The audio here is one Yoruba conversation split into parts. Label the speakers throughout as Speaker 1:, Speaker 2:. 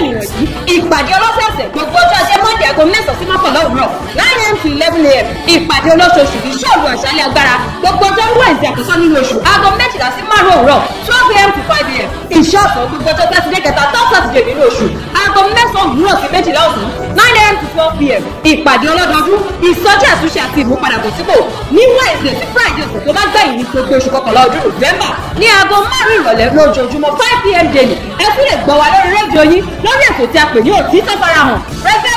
Speaker 1: ènìyàn ìpàdé ọlọ́sẹ̀ọ̀sẹ̀ gbogbo ọjọ́ ajé láti aago mẹ́sàn-án sí mọ́kànlá òwúrọ̀ nine am to eleven am ìpàdé olóṣooṣù yìí ṣọ́ọ̀bù àṣálẹ̀ agbára gbogbo ọjọ́ ń wọ ẹ̀sìn àkọ́kọ́ nínú oṣù aago méjìlá sí márùn òwúrọ̀ twelve am to five am ìṣọ́ọ̀sán gbogbo ọjọ́ sátidé kẹta tó sátidé nínú oṣù aago mẹ́sàn-án òwúrọ̀ sí méjìlá ọ̀sán nine am to four pm ìpàdé ọlọ́dọọdún ìsọjí àtúnṣe àti ìmúpadàbọ̀sípò ní wednesday sí friday ọ̀sẹ̀ tó bá gbẹ̀yìn ní gbogbo oṣù kọkànlá ọdún november ní aago márùn ìrọ̀lẹ́ lójoojúmọ́ five pm daily ẹ tún lè gbọ́ wa lórí rédíò yín lórí ètò tí a pè ní òtítọ́ farahàn rẹ́fẹ́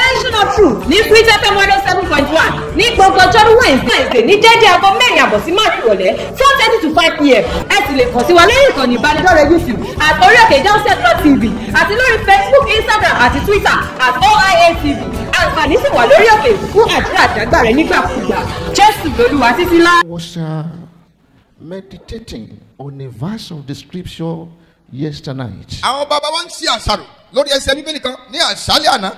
Speaker 1: come ní Sweet FM one oh seven point one ní gbọ̀ngàn jọ́rú Wednesday ní dédé aago mẹ́rin àbọ̀ sí márùn-ún four thirty to five pm ẹ sì lè kàn sí wa lórí ìkànnì ìbánidọ́rẹ̀ẹ́ YouTube àti orí òkè Jausa Club TV àti lórí Facebook Instagram àti Twitter at OIA TV àǹfààní sì wà lórí òkè fún àdúrà àdágbà nígbàkúgbà Jésù lolúwa títí lá. was uh,
Speaker 2: meditating on a verse of the scripture yesternight. àwọn bàbá wa ń ṣe àṣàrò lórí ẹsẹ̀ bíbélì kan ní àṣálẹ́ àná.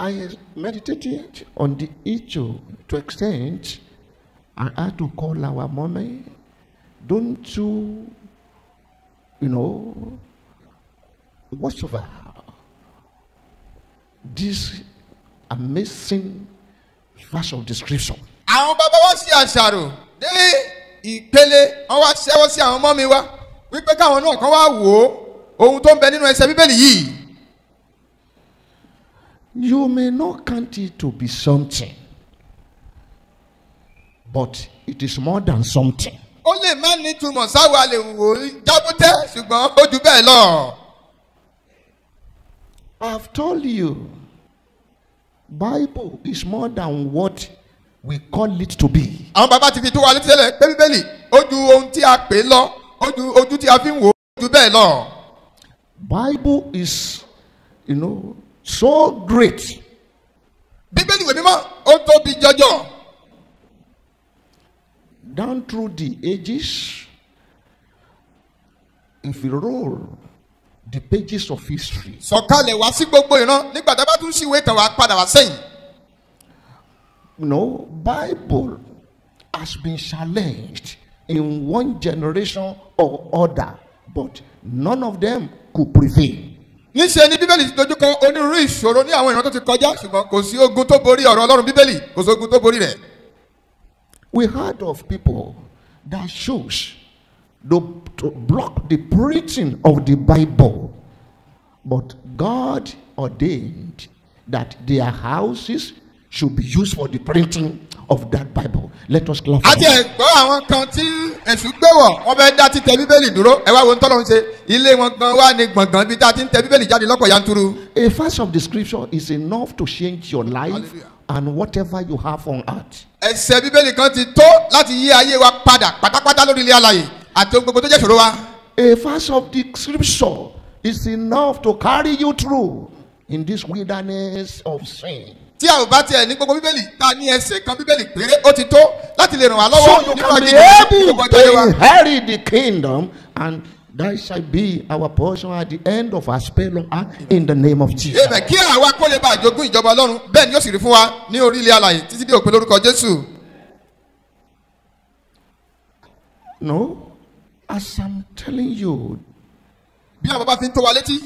Speaker 2: I meditated on the issue to extent I had to call our mommy. Don't you, you know, watch over this amazing verse of description. Àwọn bàbá wa ṣe àṣàrò dé ìpele wọn wá ṣẹ́wọ́ sí àwọn ọmọ mi wá wípé káwọn náà kàn wá wò ó ohun tó ń bẹ nínú ẹsẹ̀ bíbélì yìí. You may not count it to be something, but it is more than something. Ó lè má nítumọ̀ sáwọn àlè wò ó jábútẹ́ ṣùgbọ́n ó ju bẹ́ẹ̀ lọ. I've told you, Bible is more than what we call it to be. Àwọn bàbá ti fi tó wa létí tẹ́lẹ̀ pé Bíbélì ó ju ohun tí a pè lọ, ó ju ojú tí a fi ń wò ó ju bẹ́ẹ̀ lọ. Bible is, you know. so great. Bíbélì ìwé mímọ́ ó tóbi jọjọ. Down through the ages, if you roll the pages of history. Sọ̀kalẹ̀ wá sí gbogbo ìran nígbà tá a bá tún sí ìwé ìtàn wa padà wá itan pada wa seyin No, Bible has been challenged in one generation or other, but none of them could prevail. níṣẹ́ ni bíbélì ti dojú kọ onírúurú ìṣòro ní àwọn ìran tó ti kọjá ṣùgbọ́n kò sí ogun tó borí ọ̀rọ̀ ọlọ́run bíbélì kò sí ogun tó borí rẹ̀. we heard of people that chose to, to block the preaching of the bible but god ordained that their houses should be used for the printing of that bible let us clap. àti ẹ̀gbọ́ àwọn kan tí èṣù gbé wọ̀ wọ́n fẹ́ dá títẹ bíbélì dúró ẹ wá wo ń tọ́lọ́run ṣe ilé wọn gan wà ní gbọ̀ngàn bí dá títẹ bíbélì jáde lọ́pọ̀ yanturu. a verse of the scripture is enough to change your life Hallelujah. and whatever you have on earth. ẹsẹ̀ bíbélì kan ti tó láti yí ayé wa padà pátápátá lórí ilé alàyè àti ohun gbogbo tó jẹ́ ìṣòro wa. a verse of the scripture is enough to carry you through in this wilderness of sin tí a ò bá tiẹ̀ ní gbogbo bíbélì ta ní ẹsẹ̀ kan bíbélì péré ó ti tó láti lè ràn wá lọ́wọ́ so you can be able to inherit the kingdom and that shall be our portion at the end of our spell on earth in the name of Jesus. Ebe kí àwa kó lè bá àjogún ìjọba Ọlọ́run bẹ́ẹ̀ ni yóò sì rí fún wa ní orílẹ̀ alàyè títí dé òpin lórúkọ Jésù. No, as I'm telling you. Bí àwọn bàbá fi ń tó wa létí.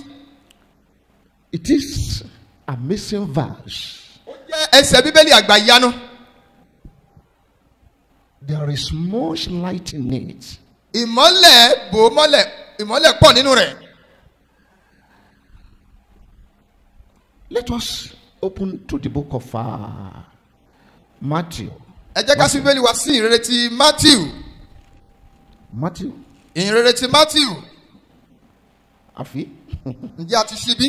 Speaker 2: It is a missing verse jẹ́ ẹsẹ̀ bíbélì àgbàyanu. there is much light in it. ìmọ́lẹ̀ bò mọ́lẹ̀ ìmọ́lẹ̀ pọ̀ nínú rẹ̀. let us open to the book of uh, Matthew. ẹ jẹ́ ká sí bíbélì wá sí ìrere ti Matthew. Matthew. ìrere ti Matthew. àfi. ǹjẹ́ a ti ṣí bí.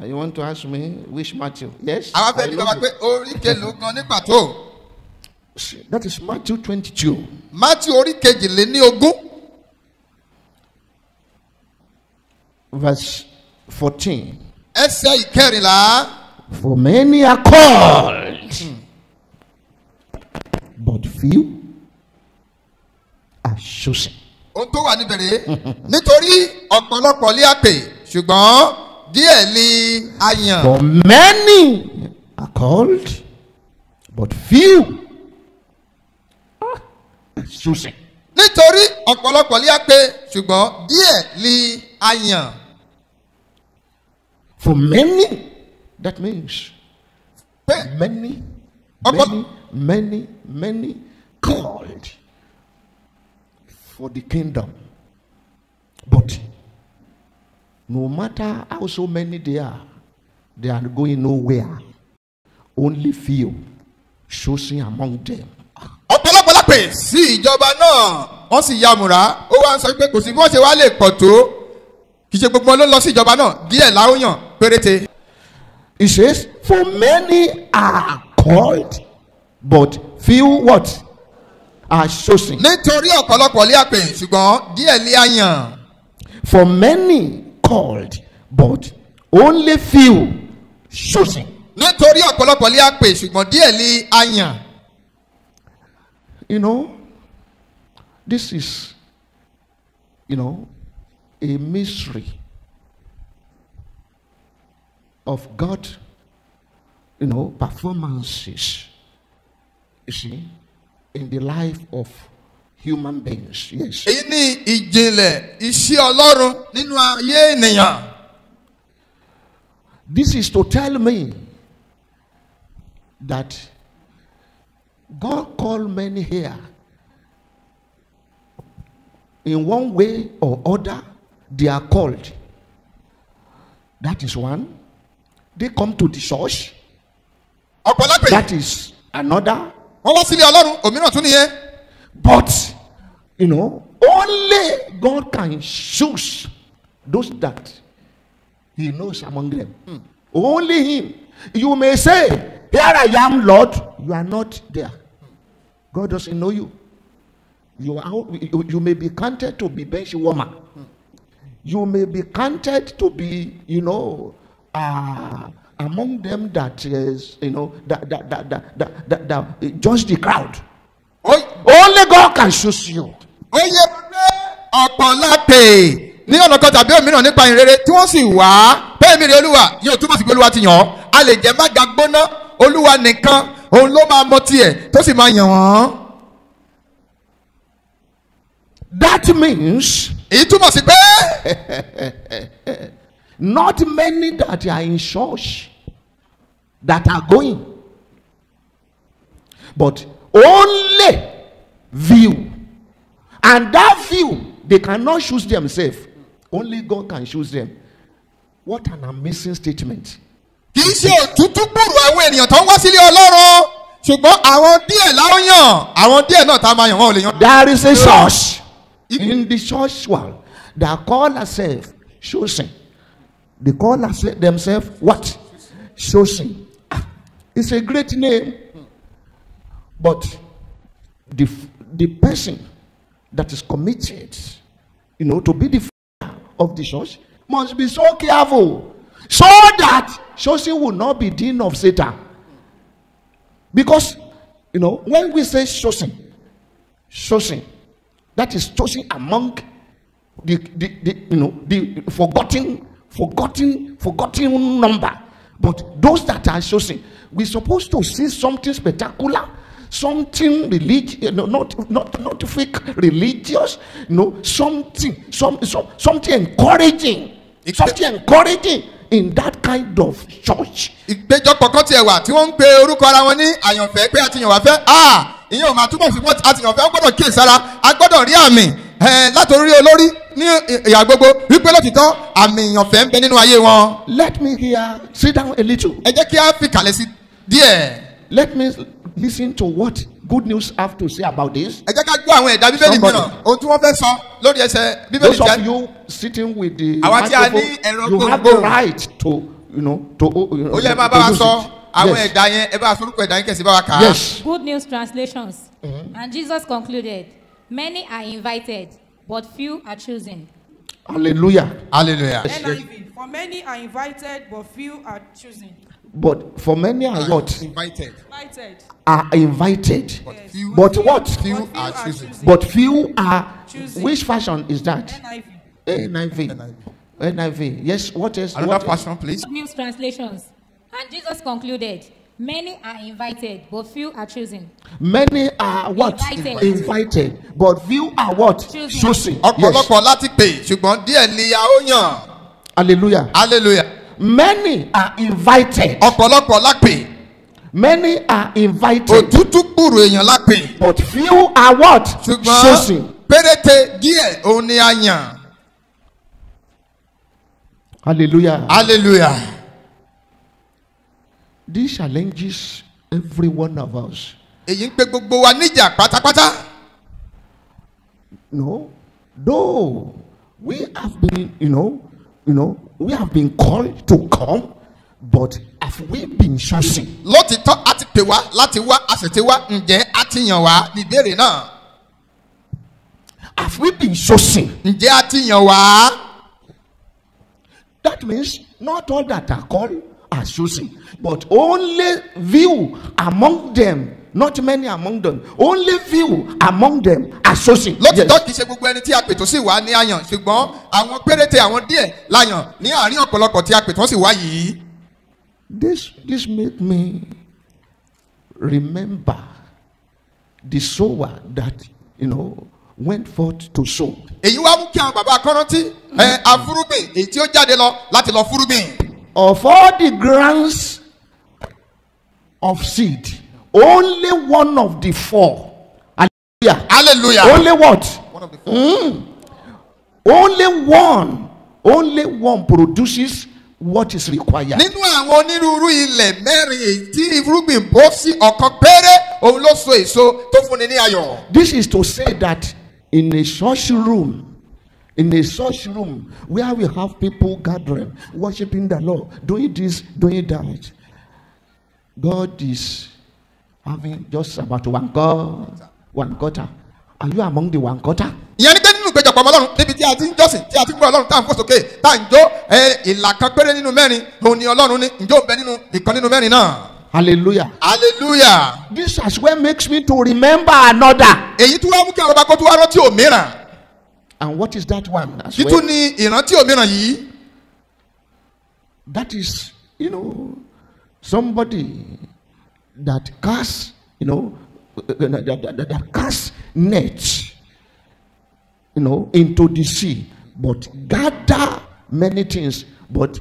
Speaker 2: Uh, you want to ask me which Matthew? Yes. Àwa fẹ́ bí bàbá pé orí kelòógan ní pàtó. That is Matthew twenty-two. Matthew orí kejìléníogún. Verse fourteen. Ẹsẹ̀ ìkẹrìnlá. For many are called, hmm. but few are chosen. Ohun tó wà níbẹ̀rẹ̀ nítorí ọ̀pọ̀lọpọ̀ lé àpè ṣùgbọ́n díẹ̀ ni a yàn. for many are called but few are chosen. nítorí ọ̀pọ̀lọpọ̀ lé a pè ṣùgbọ́n díẹ̀ ni a yàn. for many that means pé many many many many called for the kingdom but. No matter how so many they are, they are going nowhere. Only few chosen among them. ọ̀pọ̀lọpọ̀ lápè sí ìjọba náà wọ́n sì yamùrá ó wá ń sọ pé kò sí bí wọ́n ṣe wá lè pọ̀ tó kì í ṣe gbogbo wọn ló lọ sí ìjọba náà díẹ̀ láwọn péréte. He says for many are called but few what are chosen. nítorí ọ̀pọ̀lọpọ̀ lé àpè ṣùgbọ́n díẹ̀ lé àyàn. for many called but only few chosen. nítorí ọ̀pọ̀lọpọ̀ lé àpè ṣùgbọ́n díẹ̀ lé àyàn. you know this is you know a mystery of God you know performances you see in the life of human beings. Yes. Èyí ni ìjìnlẹ̀ iṣẹ́ Ọlọ́run nínú ayé ènìyàn. This is to tell me that God called many here in one way or other they are called. That is one. They come to the church. Ọ̀pọ̀lọpọ̀. That is another. Wọ́n wá sílé Ọlọ́run, òmíràn tún nìyẹn. But You know, only God can choose those that He knows among them. Mm. Only Him. You may say, Here I am, Lord. You are not there. God doesn't know you. You, are, you, you may be counted to be bench warmer. Mm. You may be counted to be, you know, uh, among them that is, you know, that, that, that, that, that, that, that just the crowd. Only God can choose you. ó yẹ pé ọ̀pọ̀ lápè ní ọ̀nà kan tàbí òmíràn nípa ìrere tí wọ́n sì wá bẹ́ẹ̀ mi rè olúwa yóò túmọ̀ sí pé olúwa ti yàn ọ́ a lè jẹ́ má ga gbóná olúwa nìkan òun ló máa mọ tiẹ̀ tó sì máa yàn wọ́n. that means. èyí túmọ̀ sí pé. not many that are in church that are going but only few And that view, they cannot choose themselves. Only God can choose them. What an amazing statement. Kì í ṣe òtútù gbùrù àwọn ènìyàn tó ń wá sílé Ọlọ́run ṣùgbọ́n àwọn díẹ̀ la yàn àwọn díẹ̀ náà tá a máa yàn wọn ò lè yàn. There is a church in the church world that call herself chosen. They call themselves what? Chosen. Ah, it's a great name. But the, the person that is committed, you know, to be the father of the church must be so careful so that Shosi will not be dean of Satan. Because, you know, when we say Shosi, Shosi, that is chosen among the, the, the you know the forgotten forgotten forgotten number but those that are chosen we're supposed to see something spectacular something religious, eh, no, not, not, not fake religious, no, something, some, some, something encouraging, Igbe something encouraging in that kind of church. ìgbẹ́jọpọ̀ kan tiẹ̀ wà tí wọ́n ń pe orúkọ ara wọn ní àyànfẹ́ pé àtìyànwá ah ìyẹn ò máa túbọ̀ sí wọ́n àtìyànfẹ́ gbọ́dọ̀ kíyèsára a gbọ́dọ̀ rí àmì látòrí olórí ní ìyà gbogbo wípé lótìtọ́ àmì ìyànfẹ́ ń bẹ nínú ayé wọn. let me hear sit down a little. ẹ jẹ́ kí a fi kàlẹ̀ sí díẹ̀ let me listen to what good news have to say about this. ẹ jẹ́ ká gbọ́ àwọn ẹ̀dá bíbélì mìíràn ohun tí wọ́n fẹ́ sọ lórí ẹsẹ̀ bíbélì jẹ́. those of you sitting with the microphone you have the right to you know to uh, uh, you know, to use it. àwọn ẹ̀dá yẹn ẹ bá sorúkọ ẹ̀dá yẹn kẹ̀sì bá wa kà á. yes.
Speaker 1: good news translations. Mm -hmm. and Jesus concluded many are invited but few are chosen.
Speaker 2: hallelujah. hallelujah. NIV
Speaker 1: for many are invited but few are chosen.
Speaker 2: But for many are, what? Invited. Are invited. But, few, but what? Few but are choosing. But few are choosing. Which fashion is that? NIV. NIV. NIV. NIV. Yes, what is Another what passion, please.
Speaker 1: New translations. And Jesus concluded, Many are invited, but few are choosing.
Speaker 2: Many are what? Invited. invited but few are what? Choosing. Choosing. Yes. Hallelujah. Hallelujah. many are invited. ọ̀pọ̀lọpọ̀ lápè. many are invited. òtútù kúrò èèyàn lápè. but few are what. ṣùgbọ́n chosen. péréte díẹ̀ òun ni a yàn. hallelujah. hallelujah. this challenges every one of us. èyí ń pe gbogbo wa níjà pátápátá. no though we have been you know you know, we have been called to come, but have we been chosen? Lótìtọ́ a ti pè wá láti wá a wá ǹjẹ́ a ti yàn wá ní náà. Have we been chosen? Ǹjẹ́ a ti yàn wá? That means not all that are called are chosen, but only few among them not many among them only few among them associate. lótìtọ́ kì í ṣe gbogbo ẹni tí a pètò sí wá ní àyàn ṣùgbọ́n àwọn péréte àwọn díẹ̀ láyàn ní àárín ọ̀pọ̀lọpọ̀ tí a pètò sí wá yìí. this this make me remember the sower that you know went forth to sow. èyí wá mú kí àwọn bàbá akọ́rántí ẹ afúrúgbìn èyí tí ó jáde lọ láti lọ fúrúgbìn. of all the grounds of seed. Only one of the four. Hallelujah. Hallelujah. Only what? One Mm. Only one. Only one produces what is required. Nínú àwọn onírúurú ilẹ̀ mẹ́rin tí irúgbìn bọ́ sí ọ̀kan péré òun ló so èso tó fúnni ní ayọ̀. This is to say that in a church room in a church room where we have people gathering worshiping the Lord doing this doing that God is having just about one quarter one quarter are you among the one quarter. ìyẹn ní pé nínú ìgbẹ́jọpọ̀ ọlọ́run níbi tí a ti ń jọ́sìn tí a ti ń gbọ́ ọlọ́run tá à ń fò tá à ń jó ìlà péré nínú mẹ́rin òun ni ọlọ́run ní ǹjọ́ bẹ nínú ìkan nínú mẹ́rin náà. hallelujah. hallelujah. this as well makes me to remember another. èyí tí wàá mú kí àwọn ọba tó wá rántí òmíràn. and what is that one. kí ni ìrántí òmíràn yìí. that is you know somebody that cast, you know, that, uh, uh, that, that, that cast nets, you know, into the sea, but gather many things, but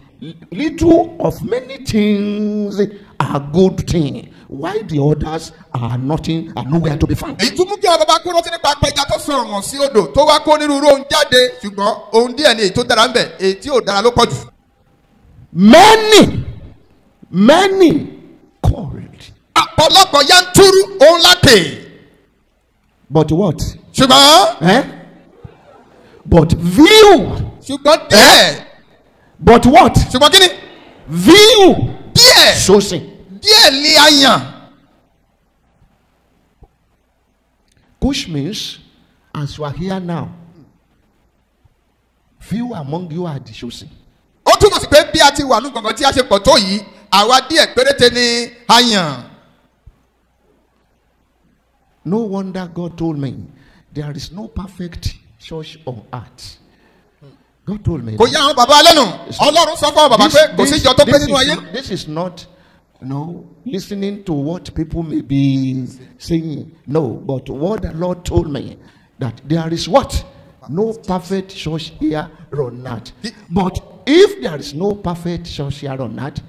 Speaker 2: little of many things are good thing why the others are nothing and nowhere to be found. èyí tún mú kí àwọn bàbá kó rántí nípa apẹja tó sọ̀rọ̀ wọ̀n sí odò tó wá kó onírúurú ohun jáde ṣùgbọ́n ohun díẹ̀ ni èyí tó dára ń bẹ èyí tí ò dára ló pọ̀ jù. many many ọ̀pọ̀lọpọ̀ yanturu òun lápè. but what. ṣùgbọ́n. Eh? but view. ṣùgbọ́n díẹ̀. Eh? but what. ṣùgbọ́n kí ni. view. díẹ̀. sosin. díẹ̀ lé a yàn. which means as you are here now few among you are the chosen. ó túmọ̀ sí pé bí a ti wà ní gbọ̀ngàn tí a ṣe pọ̀ tó yìí àwa díẹ̀ péréte ni a yàn. No wonder God told me there is no perfect church on earth. God told me. Kò yá àwọn This is not no listening to what people may be saying. No, but what the Lord told me that there is what? No perfect church here or not. But if there is no perfect church here or not,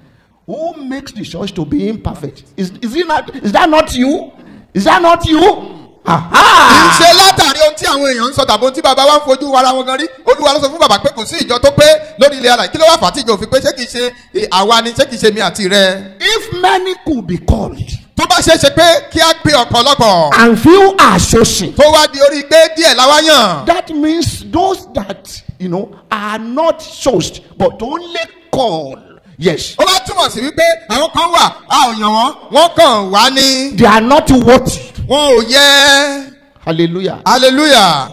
Speaker 2: who makes the church to be imperfect? Is, is, it not, is that not you? is that not you? Ah. Ah. kì látàrí ohun tí àwọn èèyàn ń sọ tàbí ohun tí bàbá wa ń fojú ara wọn gan rí olúwa ló sọ fún bàbá pé kò sí ìjọ tó pé lórí ilẹ̀ alàyè kí ló wà fà tí ìjọ òfin pé ṣé kìí ṣe àwa ni ṣé kìí ṣe mi àti rẹ. if many could be called. tó bá ṣeé ṣe pé kí á pe ọ̀pọ̀lọpọ̀. and few are chosen. tó wá di orí pé díẹ̀ la that means those that you know, are not chosen but only called. Yes. Ó bá túmọ̀ sí wípé àwọn kan wà a ò yàn wọ́n wọ́n kàn wá ní. They are not worthy. Wọn ò yẹ. Hallelujah. Hallelujah.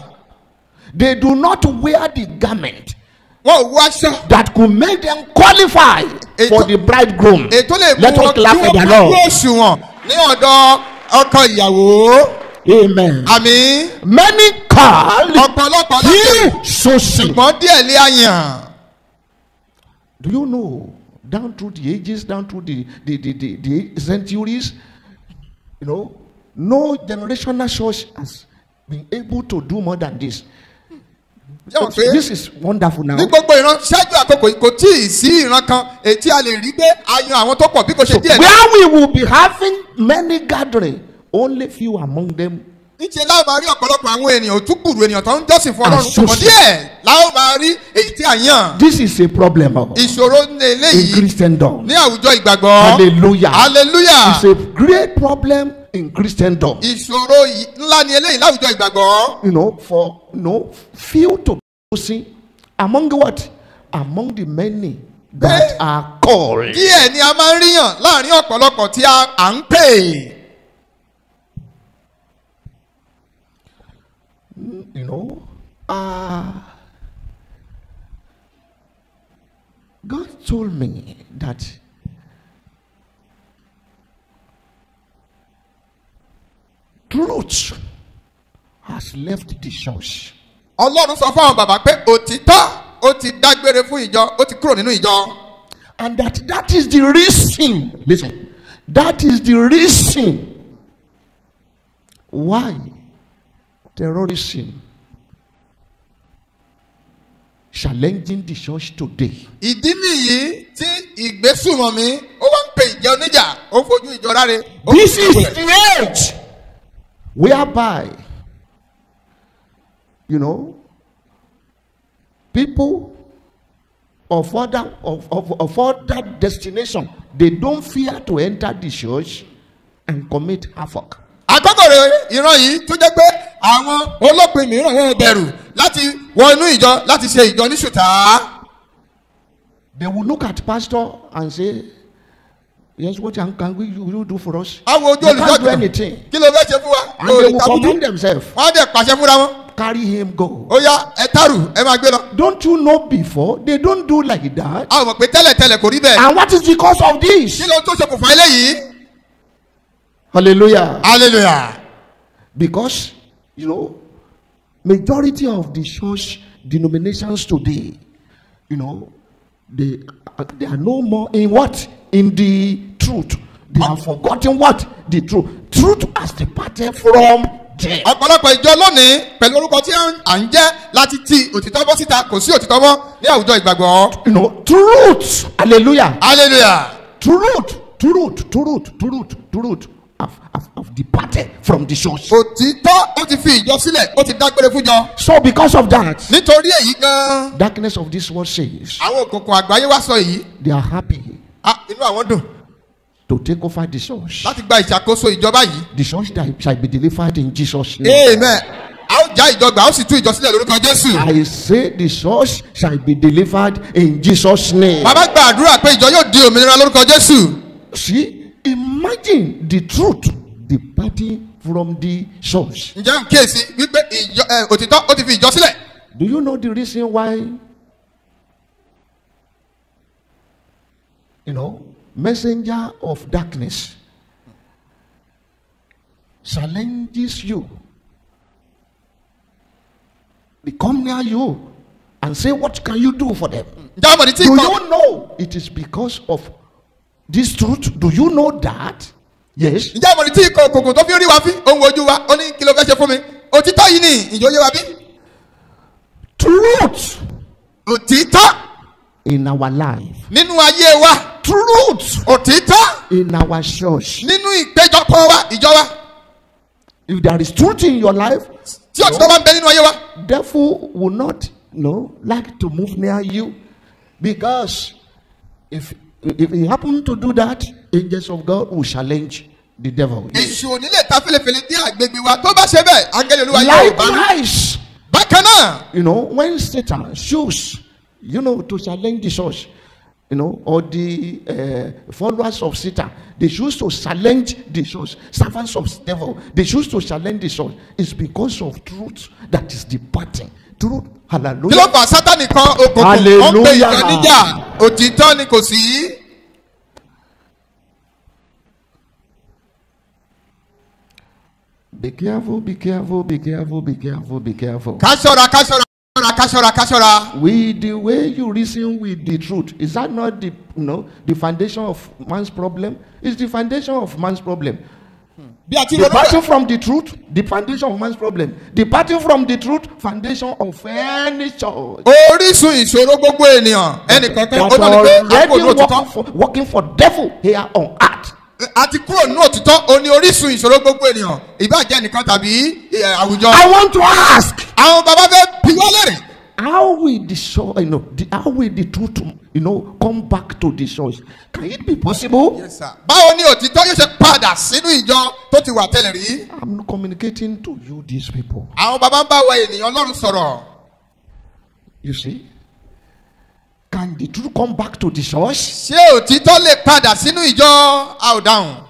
Speaker 2: They do not wear the garment. Wọ́n ò wọ That could make them qualify ètò, for the bridegroom. Ètò lè mú wọn kí wọ́n bá wọ́n òṣùwọ̀n ní ọ̀dọ̀ ọkọ ìyàwó. Amen. Àmín. Many call. Ọ̀pọ̀lọpọ̀ lọ́sẹ̀. He so sick. Ṣùgbọ́n díẹ̀ lé àyàn. Do you know? down through the ages, down through the, the, the, the, the centuries. You know, no generational church has been able to do more than this. So, this is wonderful now. ní gbogbo ìran ṣáájú àkókò kò tí ì sí ìran kan ètí a lè rí pé a àwọn tó pọ̀ bí kò ṣe díẹ̀. where we will be having many gathering only few among them níṣẹ́ láwọn máa rí ọ̀pọ̀lọpọ̀ àwọn ènìyàn òtúkùrù ènìyàn tó ń jọ́sìn fún ọlọ́run ṣùgbọ́n díẹ̀ láwọn máa rí èyí tí a yàn. this is a problem. ìṣòro ní eléyìí in christendom. ní àwùjọ ìgbàgbọ́. hallelujah hallelujah. it's a great problem in christendom. ìṣòro ńlá ni eléyìí láwùjọ ìgbàgbọ́. you know for you know few to see among what among the many that are called. díẹ̀ ni a máa ń ríyàn láàrin ọ̀pọ̀lọpọ̀ tí a à ń pè é. you know, uh, God told me that truth has left the church. Ọlọ́run sọ fún àwọn bàbá pé òtítọ́ ó ti dágbére fún ìjọ ó ti kúrò nínú ìjọ. And that that is the reason listen that is the reason why terrorism challenging the church today. ìdí nìyí tí ìgbésùnmọ̀mí ó wá ń pe ìjà oníjà ó fojú ìjọ ráre. this is the age whereby you know people of other of, of, of other destination they don't fear to enter the church and commit havoc. àkọ́kọ́ rẹ̀ ìran yìí tó jẹ́ pé àwọn olópin mìíràn yẹn bẹ̀rù láti wọ inú ìjọ láti ṣe ìjọ ní ṣùtá. they will look at pastor and say yes what can we you, you do for us. àwọn ojú olùjọ́jọ́ kí ló fẹ́ ṣe fún wa. and they will commend themselves. wọ́n á dẹ̀ pàṣẹ fúnra wọn. carry him go. ó ẹ tàrù ẹ máa gbé lọ. don't you know before they don't do like that. a mọ̀ pé tẹ́lẹ̀tẹ́lẹ̀ kò rí bẹ́ẹ̀. and what is the cause of this. kí ló tó ṣokùnfà eléyìí. hallelujah. hallelujah. because You know, majority of the church denominations today, you know, they, they are no more in what? In the truth. They have forgotten what? The truth. Truth has departed from them. ọ̀pọ̀lọpọ̀ ìjọ lónìí pẹ̀lú orúkọ tí à ń jẹ́ láti ti òtítọ́ bọ́ síta kò sí òtítọ́ bọ́ ní àwùjọ ìgbàgbọ́. you know truth hallelujah. hallelujah. truth truth truth truth truth truth have, have, have departed from the church. òtítọ́ ó ti fi ìjọ sílẹ̀ ó ti dágbére fún jọ. so because of that. nítorí èyí gan. darkness of this world says. àwọn òkùnkùn àgbáyé wá sọ yìí. they are happy. ah inú àwọn dùn. to take over the church. láti gba ìṣàkóso ìjọba yìí. the church that shall be delivered in Jesus name. amen. a ó já ìjọba a ó sì tú ìjọ lórúkọ Jésù. I say the church shall be delivered in Jesus name. bàbá gba àdúrà pé ìjọ yóò di òmìnira lórúkọ Jésù. see imagine the truth departing from the church. ǹjẹ́ n wípé òtítọ́ ó ti fi ìjọ sílẹ̀. do you know the reason why you know messenger of darkness challenges you they come near you and say what can you do for them. do you know it is because of this truth do you know that. yes. ǹjẹ́ ìmọ̀ ní tí ikọ̀ òkùnkùn tó fi rí wa fín ohun ojú wa ó ní kí ló fẹ́ ṣe fún mi òtítọ́ yìí ni ìjọ yé wa bí. truth. òtítọ́. in our life. nínú ayé wa. truth. òtítọ́. in our church. nínú ìpéjọpọ̀ wa ìjọ if there is truth in your life. tí òtítọ́ bá ń bẹ nínú ayé wa. devil will not no like to move near you because if If he happen to do that, angels of God will challenge the devil. Èṣù ò ní lè ní àgbègbè wa tó bá ṣe bẹ́ẹ̀, angẹ́lẹ́ olúwa yóò bá mi. Likewise. Bákan náà. You know when Satan choose you know to challenge the church you know, or the uh, followers of Satan, they choose to challenge the church. Servants of devil, they choose to challenge the church. It's because of truth that is departing dúró hallelujah. kí fà sátani kan òkùnkùn ó ń ìtàn níjà òtítọ́ ni kò sí. be careful be careful be careful be careful be careful. ká ṣọ́ra ká ṣọ́ra ká with the way you reason with the truth is that not the you know, the foundation of man's problem Is the foundation of man's problem. Departing from the truth, the foundation of man's problem. Departing from the truth, foundation of any church. Orísun ìṣòro gbogbo ènìyàn. Ẹnìkankan ó lọ ní pé àpò ní òtítọ́. Working for devil here on earth. Àti kúrò ní òtítọ́, o ní orísun ìṣòro gbogbo ènìyàn. Ìbáàjẹ́ nìkan tàbí eh, àwùjọ. I want to ask. Àwọn bàbá fẹ́ bí wọ́n lẹ́rìí how we show, you know, the, how will the truth, you know, come back to the source? Can it be possible? Yes, sir. Báwo ni òtítọ́ yóò ṣe padà sínú ìjọ tó ti wà tẹ́lẹ̀ rí? I'm communicating to you these people. Àwọn bàbá ń bá wa ènìyàn Ọlọ́run sọ̀rọ̀. You see, can the truth come back to the source? Ṣé òtítọ́ lè padà sínú ìjọ? A down?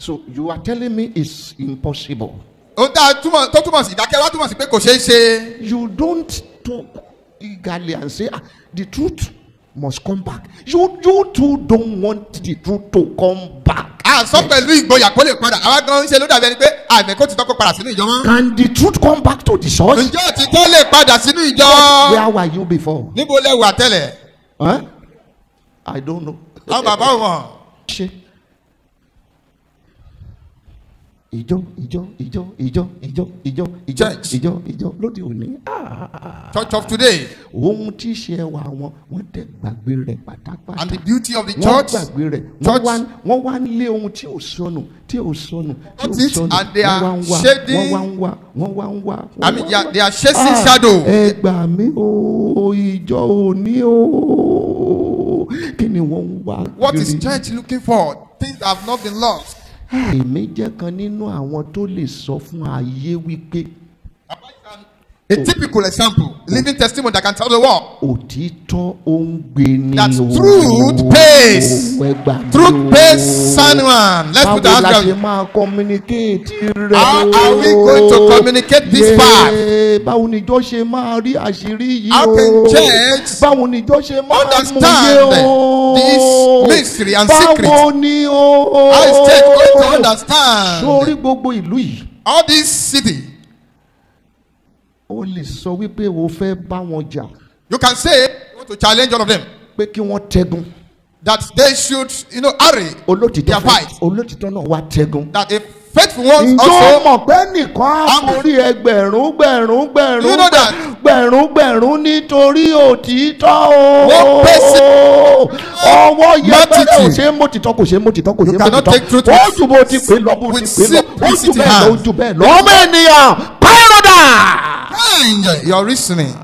Speaker 2: So you are telling me it's impossible ohun tá a túmọ̀ tó túmọ̀ sí ìdákẹ́ wa túmọ̀ sí pé kò ṣeé ṣe. you don't talk eagerly and say ah the truth must come back you you too don't want the truth to come back. a sọ pẹ̀lú ìgboyà kó lè padà àwa gan-an ṣe ló dàbí ẹni pé àmì kò ti tọ́ kó padà sínú ìjọ mọ́. can the truth come back to the source. ǹjẹ́ òtí tó lè padà sínú ìjọ. where were you before. níbo lẹ wà tẹ́lẹ̀. I don't know. àwọn bàbá wọn. ṣe ìjọ ìjọ ìjọ ìjọ ìjọ ìjọ ìjọ ìjọ ìjọ lóde òní. church of today. ohun tí ṣe ẹwà wọn wọ́n tẹ gbàgbé rẹ̀ pátápátá. and the beauty of the church. wọ́n gbàgbé rẹ̀ church wọ́n wá ń lé ohun tí ò sọnù tí ò sọnù tí ò sọnù wọ́n wá ń wá wọ́n wá ń wá wọ́n wá ń wá. I mean they are chasing ah, shadow. ẹ gbà mí o ìjọ òní o kí ni wọ́n ń wá. what is church looking for things that have not been lost èmi jẹ́ kan nínú àwọn tó lè sọ fún ayé wípé A oh. typical example, living testimony that can tell the world. Òtítọ́ ó ń gbé ní owó. That truth pays. Truth pays Sanwan. Let's put our hand. Báwo la ṣe máa communicate rẹ̀ o? How are we going to communicate this part? Báwo ni ìjọ ṣe máa rí àṣírí yìí o? How can church báwo ni ìjọ ṣe máa understand this mystery and secret? Báwo ni o? How is church going to understand? Sórí gbogbo ìlú yìí. All this city o lè sọ wípé o fẹ́ bá wọn jà. you can say you want to challenge all of them. pé kí wọ́n tẹ́gun. that they should you know, hurry their fight. olótìtọ́ náà wá tẹ́gun. that a faithful ones also. ǹjọ́ mọ̀ pé nìkan àkórí ẹgbẹ̀rún gbẹ̀rún gbẹ̀rún gbẹ̀rún gbẹ̀rún nítorí òtítọ́ o. ọwọ́ yẹpẹrẹ ò ṣe é mòtítọ́ kò ṣe é mòtítọ́ kò ṣe é mòtítọ́. ó jù bó ti pè lọ bó ti pè lọ ó jù bẹ́ẹ̀ lọ ó jù bẹ́ẹ̀ lọ. ọmọ ènìyàn pẹ́ẹ́. Father. Hey, you're listening.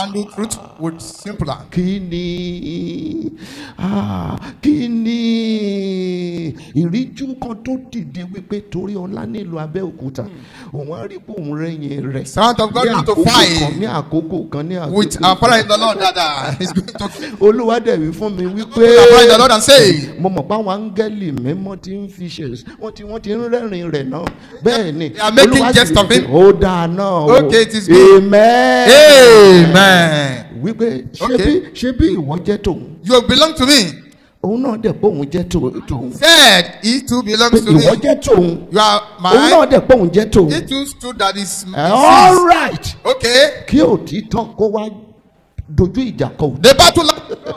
Speaker 2: handle truth with simpler. kí ah, kí ìríjú kan tó dìde wípé torí ọlá nílùú abẹ́òkúta hmm. òun á rí pé òun rẹ̀yìn rẹ̀. sound of God need to fight ní àkókò kan ní àkókò with our father in the lord dada is going to. olúwa dẹ̀ fún mi wípé. with our father in the lord and say. mo mọ̀ pé àwọn áńgẹ́lì mímọ́ ti ń fi ṣe wọ́n ti wọ́n ti ń rẹ́rìn rẹ̀ náà bẹ́ẹ̀ ni olúwa sì ó dáa náà o amen. amen wípé ṣebí ṣebí ìwọ jẹ́ tòun. you belong to me. òun náà dẹ̀ pé òun jẹ́ tòun. said he too belongs to me. ìwọ jẹ́ tòun. you are my. òun náà dẹ̀ pé òun jẹ́ tòun. he too stood that is. all right. okay. kí òtítọ́ kó wá dojú ìjà kọ. the battle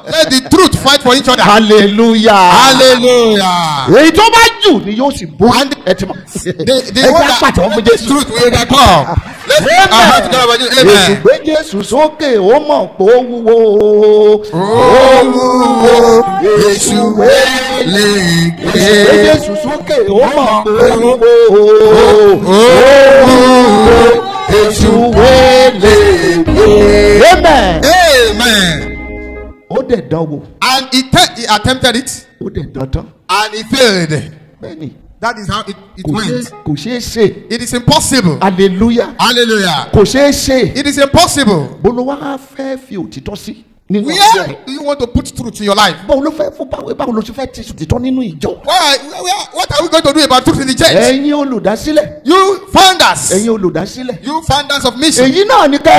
Speaker 2: let the truth fight for each other. hallelujah. hallelujah. èyí tó bá jù ni yóò sì bó. and ẹ ti mọ. the the one that the truth will overcome. let's pray our heart together for Jesus. amen. èsì gbé jésù sókè ó mọ̀ pé ó wúwo. ó wúwo èsù wé lè gbé. èsì gbé jésù sókè ó mọ̀ pé ó wúwo. ó wúwo èsù wé lè gbé. amen. Amen. Ó dẹ̀ dán And he, te- he attempted it. Ó dẹ̀ dán And he failed. Bẹ́ẹ̀ni. That is how it, it went. Kò ṣeé ṣe. It is impossible. Hallelujah. Hallelujah. Kò ṣeé ṣe. It is impossible. Bolo wa fẹ́ fi òtítọ́ sí nínú ọjọ́ rẹ. where you want to put truth in your life. báwo ló fẹ́ fún báwo báwo ló ṣe fẹ́ ti títọ́ nínú ìjọ. why what are we going to do about truth in the church. ẹ̀yin olùdásílẹ̀. you founders. ẹ̀yin olùdásílẹ̀. you founders of mission. èyí náà ni ká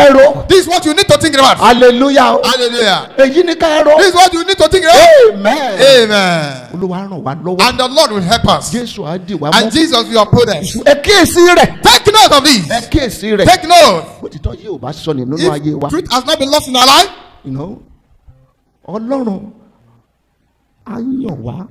Speaker 2: this is what you need to think about. hallelujah. hallelujah. èyí ni ká this is what you need to think about. amen. amen. olúwa ràn wá lọ́wọ́. and the lord will help us. jésù á dì wá mọ́. and jesus will uphold us. ẹ kíyèsí rẹ̀. take note of this. ẹ kíyèsí rẹ̀. take note. bó ti tọ́ yé ò bá sọ nínú ayé wa. if truth has not been lost in our life you know ọlọ́run á yàn wá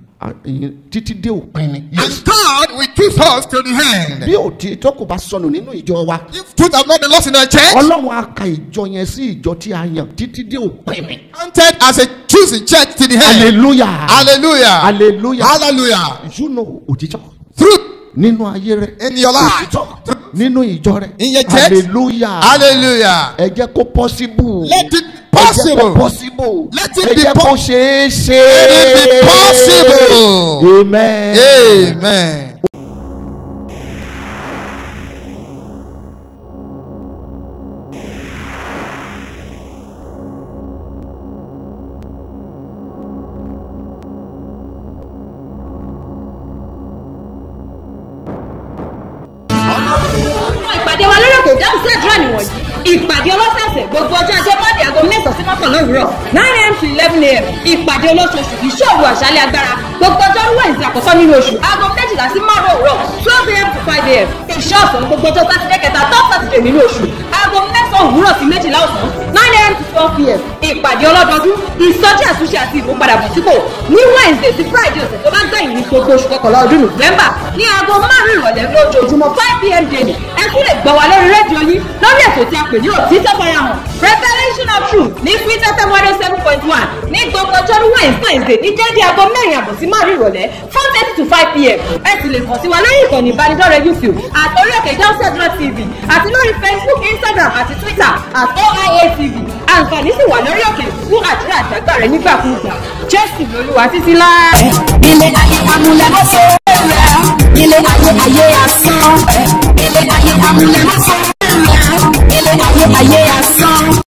Speaker 2: títí dé òpin ni. and God will keep us to the end. bí òtítọ́ kò bá sọnù nínú ìjọ wa. if truth have not been lost in our church. ọlọ́run á ka ìjọ yẹn sí ìjọ tí a yàn títí dé òpin ni. counted as a choosing church to the end. hallelujah hallelujah hallelujah hallelujah. you know òtítọ́. truth nínú ayé rẹ. in your life. òtítọ́ nínú ìjọ rẹ. in your hallelujah hallelujah. ẹ jẹ́ kó possible. let it possible. ẹ
Speaker 1: let it be possible. ẹ jẹ́ kó
Speaker 2: ṣeé let it be possible. amen. amen.
Speaker 1: àṣálẹ́ ẹ̀rọ ìpàdé olóṣooṣù ìṣòro àṣálẹ́ agbára gbogbo ọjọ́ rú ẹ̀sìn àkọ́kọ́ nínú oṣù aago méjìlá sí márùn òwúrọ̀ twelve am to five am ìṣọ́ ọ̀sán gbogbo ọjọ́ sátidé kẹta tó sátidé nínú oṣù aago mẹ́sàn-án òwúrọ̀ sí méjìlá ọ̀sán nine am to twelve pm ìpàdé ọlọ́dọọdún ìsọjí àtúnṣe àti ìmúpadàbọ̀ sípò ní wednesday sí friday ọ̀sẹ̀ tó bá gbẹ̀yìn ní gbogbo oṣù kọkànlá ọdún november ní aago márùn-ún ìrọ̀lẹ́ lójoojúmọ́ five pm daily ẹ tún lè gbọ́ wa lórí rédíò yín lórí ètò tí a pè ní revelation of truth ní Freeze FM one oh seven point one ní gbogbo ọjọ́rú Wednesday ní déédé aago mẹ́rin àbọ̀ sí márùn ìrọ̀lẹ́ four thirty to five pm ẹ sì lè kàn sí wa lórí ìkànnì ìbánidọ́rẹ̀ẹ́ YouTube àti orí òkè jọ́sẹ̀dúrà tv àti lórí Facebook Instagram àti Twitter àti OIA TV àǹfààní sì wà lórí òkè fún àdúrà àjàgbà rẹ nígbàkúùgbà Jésù lolúwa títí láé. ilé ayé amúlẹ̀ ló ṣe é rẹ̀ ilé ayé ayé asán ilé ayé amúlẹ̀ ló ṣe é rẹ̀. I hear ayé song.